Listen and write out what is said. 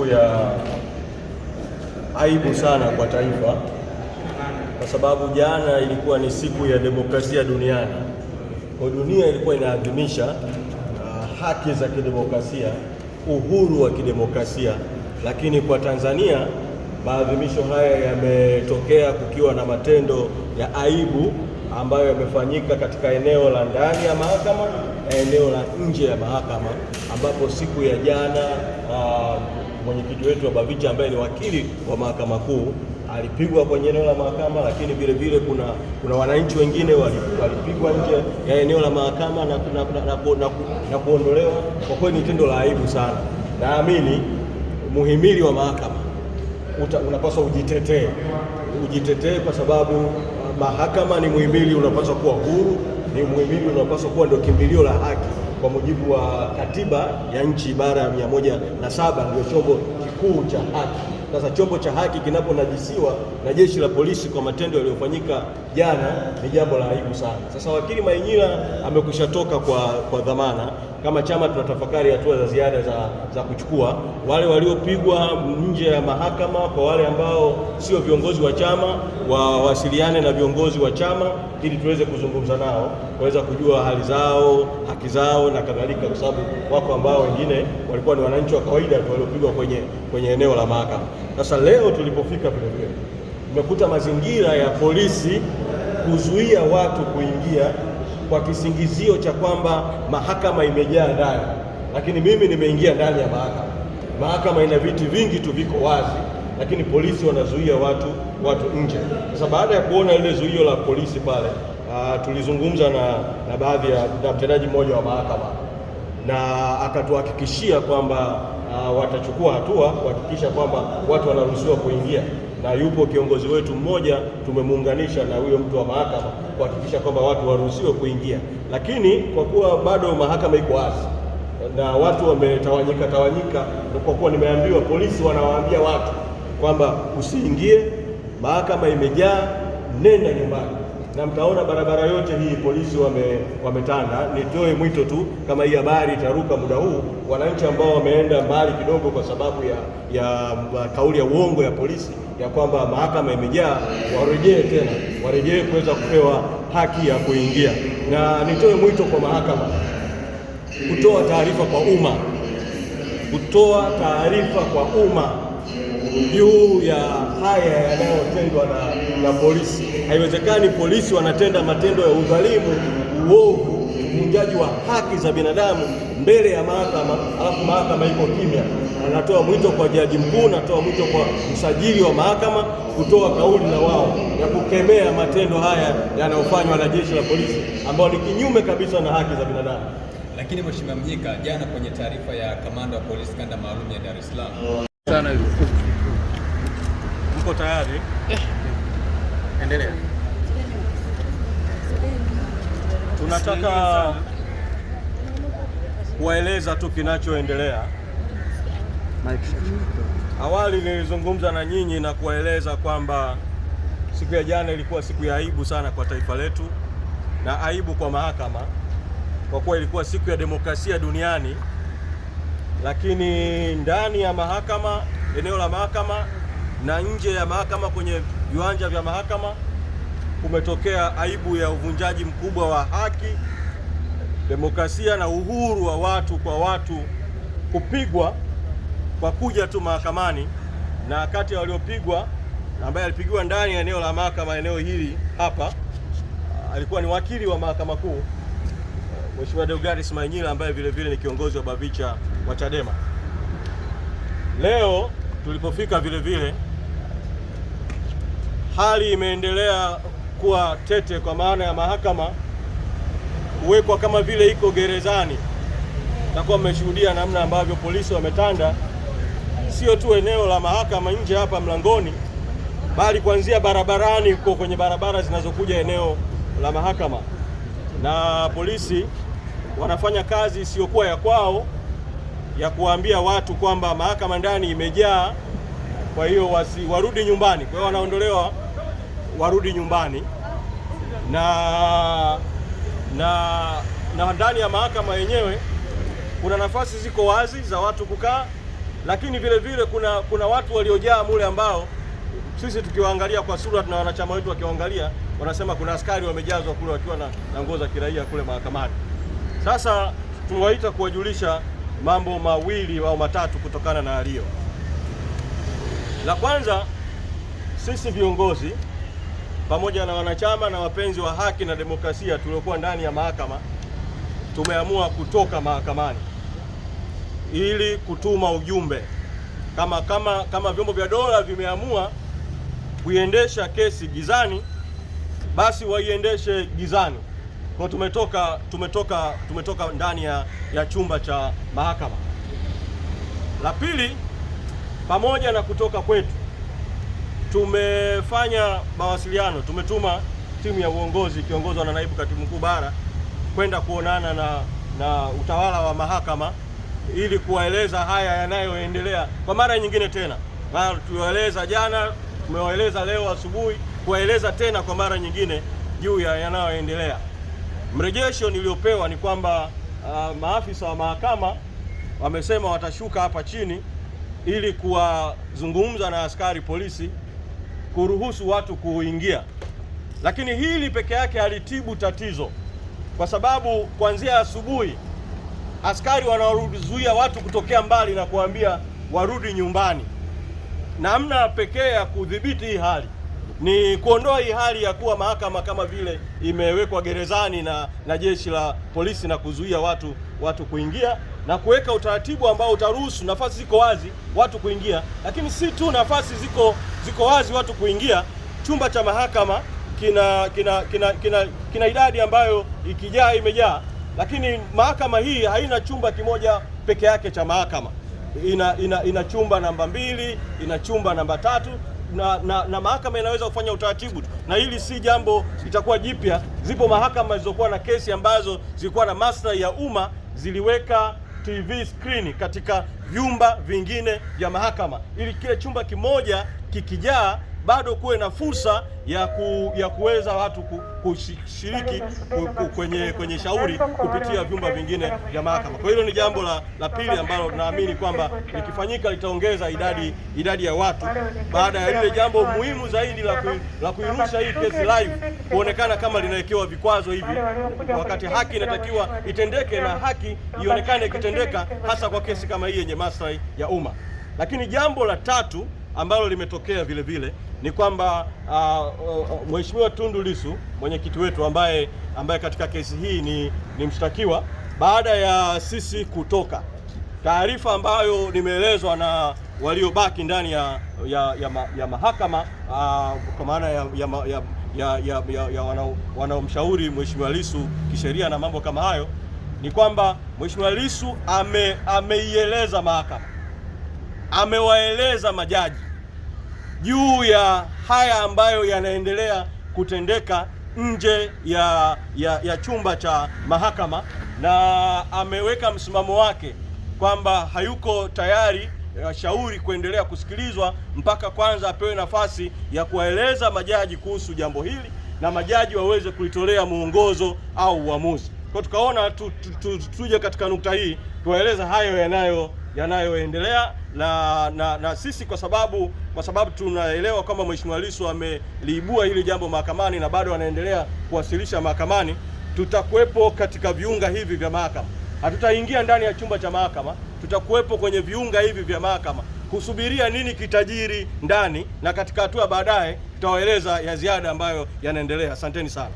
mambo ya aibu sana kwa taifa, kwa sababu jana ilikuwa ni siku ya demokrasia duniani, kwa dunia ilikuwa inaadhimisha uh, haki za kidemokrasia, uhuru wa kidemokrasia, lakini kwa Tanzania maadhimisho haya yametokea kukiwa na matendo ya aibu ambayo yamefanyika katika eneo la ndani ya mahakama na eneo la nje ya mahakama ambapo siku ya jana uh, mwenyekiti wetu wa BAVICHA ambaye ni wakili wa mahakama kuu alipigwa kwenye eneo la mahakama, lakini vile vile kuna, kuna wananchi wengine walipigwa nje ya eneo la mahakama na, na, na, na, na, na kuondolewa. Kwa kweli ni tendo la aibu sana. Naamini muhimili wa mahakama unapaswa ujitetee, ujitetee kwa sababu mahakama ni muhimili unapaswa kuwa huru, ni muhimili unapaswa kuwa ndio kimbilio la haki kwa mujibu wa katiba ya nchi ibara ya saba ndio chombo kikuu cha haki. Sasa chombo cha haki kinaponajisiwa na jeshi la polisi kwa matendo yaliyofanyika jana ni jambo la aibu sana. Sasa wakili Mainyila amekwisha toka kwa, kwa dhamana. Kama chama tunatafakari hatua za ziada za, za kuchukua wale waliopigwa nje ya mahakama. Kwa wale ambao sio viongozi wa chama wawasiliane na viongozi wa chama ili tuweze kuzungumza nao kuweza kujua hali zao, haki zao na kadhalika, kwa sababu wako ambao wengine walikuwa ni wananchi wa kawaida tu waliopigwa kwenye, kwenye eneo la mahakama. Sasa leo tulipofika vile vile tumekuta mazingira ya polisi kuzuia watu kuingia kwa kisingizio cha kwamba mahakama imejaa ndani, lakini mimi nimeingia ndani ya mahakama. Mahakama ina viti vingi tu viko wazi, lakini polisi wanazuia watu watu nje. Sasa baada ya kuona ile zuio la polisi pale uh, tulizungumza na, na baadhi ya na mtendaji mmoja wa mahakama na akatuhakikishia kwamba uh, watachukua hatua kuhakikisha kwamba watu wanaruhusiwa kuingia, na yupo kiongozi wetu mmoja tumemuunganisha na huyo mtu wa mahakama kuhakikisha kwamba watu waruhusiwe kuingia, lakini kwa kuwa bado mahakama iko wazi na watu wametawanyika tawanyika, kwa kuwa nimeambiwa polisi wanawaambia watu kwamba usiingie, mahakama imejaa, nenda nyumbani na mtaona barabara yote hii polisi wame, wametanda. Nitoe mwito tu, kama hii habari itaruka muda huu, wananchi ambao wameenda mbali kidogo kwa sababu ya, ya kauli ya uongo ya polisi ya kwamba mahakama imejaa, warejee tena, warejee kuweza kupewa haki ya kuingia. Na nitoe mwito kwa mahakama kutoa taarifa kwa umma, kutoa taarifa kwa umma juu ya haya yanayotendwa na, na polisi Haiwezekani polisi wanatenda matendo ya udhalimu, uovu, uvunjaji wa haki za binadamu mbele ya mahakama, alafu mahakama iko kimya. Anatoa mwito kwa jaji mkuu, natoa mwito kwa msajili wa mahakama kutoa kauli na wao ya kukemea matendo haya yanayofanywa na jeshi la polisi ambao ni kinyume kabisa na haki za binadamu. Lakini Mheshimiwa Mnyika jana kwenye taarifa ya kamanda wa polisi kanda maalum ya Dar es Salaam sana, mko tayari eh? Endelea. Tunataka kuwaeleza tu kinachoendelea. Awali nilizungumza na nyinyi na kuwaeleza kwamba siku ya jana ilikuwa siku ya aibu sana kwa taifa letu na aibu kwa mahakama, kwa kuwa ilikuwa siku ya demokrasia duniani, lakini ndani ya mahakama, eneo la mahakama na nje ya mahakama kwenye viwanja vya mahakama kumetokea aibu ya uvunjaji mkubwa wa haki, demokrasia na uhuru wa watu kwa watu kupigwa kwa kuja tu mahakamani, na kati ya waliopigwa ambaye alipigiwa ndani ya eneo la mahakama eneo hili hapa alikuwa ni wakili wa mahakama kuu Mheshimiwa Deogaris Mainyila ambaye vile vile ni kiongozi wa BAVICHA wa CHADEMA. Leo tulipofika vile vile hali imeendelea kuwa tete, kwa maana ya mahakama kuwekwa kama vile iko gerezani. Takuwa mmeshuhudia namna ambavyo polisi wametanda sio tu eneo la mahakama nje hapa mlangoni, bali kuanzia barabarani huko kwenye barabara zinazokuja eneo la mahakama, na polisi wanafanya kazi isiyokuwa ya kwao ya kuwaambia watu kwamba mahakama ndani imejaa kwa hiyo wasi warudi nyumbani. Kwa hiyo wanaondolewa, warudi nyumbani na na na ndani ya mahakama yenyewe kuna nafasi ziko wazi za watu kukaa, lakini vile vile kuna kuna watu waliojaa mule ambao sisi tukiwaangalia kwa sura na wanachama wetu wakiwaangalia wanasema kuna askari wamejazwa kule wakiwa na, na nguo za kiraia kule mahakamani. Sasa tuwaita kuwajulisha mambo mawili au matatu kutokana na alio la kwanza, sisi viongozi pamoja na wanachama na wapenzi wa haki na demokrasia tuliokuwa ndani ya mahakama tumeamua kutoka mahakamani ili kutuma ujumbe kama, kama, kama vyombo vya dola vimeamua kuiendesha kesi gizani, basi waiendeshe gizani. Kwa tumetoka tumetoka tumetoka ndani ya, ya chumba cha mahakama. La pili pamoja na kutoka kwetu tumefanya mawasiliano, tumetuma timu ya uongozi ikiongozwa na naibu katibu mkuu bara kwenda kuonana na, na utawala wa mahakama ili kuwaeleza haya yanayoendelea kwa mara nyingine tena. Tuliwaeleza jana, tumewaeleza leo asubuhi, kuwaeleza tena kwa mara nyingine juu ya yanayoendelea. Mrejesho niliyopewa ni kwamba uh, maafisa wa mahakama wamesema watashuka hapa chini ili kuwazungumza na askari polisi kuruhusu watu kuingia, lakini hili peke yake halitibu tatizo, kwa sababu kuanzia asubuhi askari wanaozuia watu kutokea mbali na kuambia warudi nyumbani. Namna pekee ya kudhibiti hii hali ni kuondoa hii hali ya kuwa mahakama kama vile imewekwa gerezani na, na jeshi la polisi na kuzuia watu watu kuingia na kuweka utaratibu ambao utaruhusu nafasi ziko wazi watu kuingia, lakini si tu nafasi ziko ziko wazi watu kuingia. Chumba cha mahakama kina kina kina, kina, kina idadi ambayo ikijaa imejaa, lakini mahakama hii haina chumba kimoja peke yake cha mahakama. Ina, ina, ina chumba namba mbili, ina chumba namba tatu na, na, na mahakama inaweza kufanya utaratibu, na hili si jambo litakuwa jipya. Zipo mahakama zilizokuwa na kesi ambazo zilikuwa na maslahi ya umma ziliweka TV screen katika vyumba vingine vya mahakama ili kile chumba kimoja kikijaa bado kuwe na fursa ya ku, ya kuweza watu kushiriki kwenye kwenye shauri kupitia vyumba vingine vya mahakama. Kwa hilo ni jambo la, la pili ambalo naamini kwamba likifanyika litaongeza idadi idadi ya watu, baada ya lile jambo muhimu zaidi la, kui, la kuirusha hii kesi live kuonekana kama linawekewa vikwazo hivi, wakati haki inatakiwa itendeke na haki ionekane ikitendeka, hasa kwa kesi kama hii yenye maslahi ya umma. Lakini jambo la tatu ambalo limetokea vile vile ni kwamba uh, uh, Mheshimiwa Tundu Lissu mwenyekiti wetu ambaye, ambaye katika kesi hii ni, ni mshtakiwa baada ya sisi kutoka taarifa ambayo nimeelezwa na waliobaki ndani ya, ya, ya, ma, ya mahakama uh, kwa maana ya, ya, ya, ya, ya, ya, ya wanaomshauri Mheshimiwa Lissu kisheria na mambo kama hayo ni kwamba Mheshimiwa Lissu ame ameieleza mahakama, amewaeleza majaji juu ya haya ambayo yanaendelea kutendeka nje ya, ya, ya chumba cha mahakama na ameweka msimamo wake kwamba hayuko tayari eh, shauri kuendelea kusikilizwa mpaka kwanza apewe nafasi ya kuwaeleza majaji kuhusu jambo hili na majaji waweze kulitolea muongozo au uamuzi. Kwa tukaona tu, tu, tu, tuje katika nukta hii tuwaeleza hayo yanayo yanayoendelea na, na na sisi kwa sababu kwa sababu tunaelewa kwamba Mheshimiwa Lissu ameliibua hili jambo mahakamani na bado anaendelea kuwasilisha mahakamani, tutakuwepo katika viunga hivi vya mahakama. Hatutaingia ndani ya chumba cha mahakama, tutakuwepo kwenye viunga hivi vya mahakama kusubiria nini kitajiri ndani, na katika hatua baadaye tutawaeleza ya ziada ambayo yanaendelea. Asanteni sana.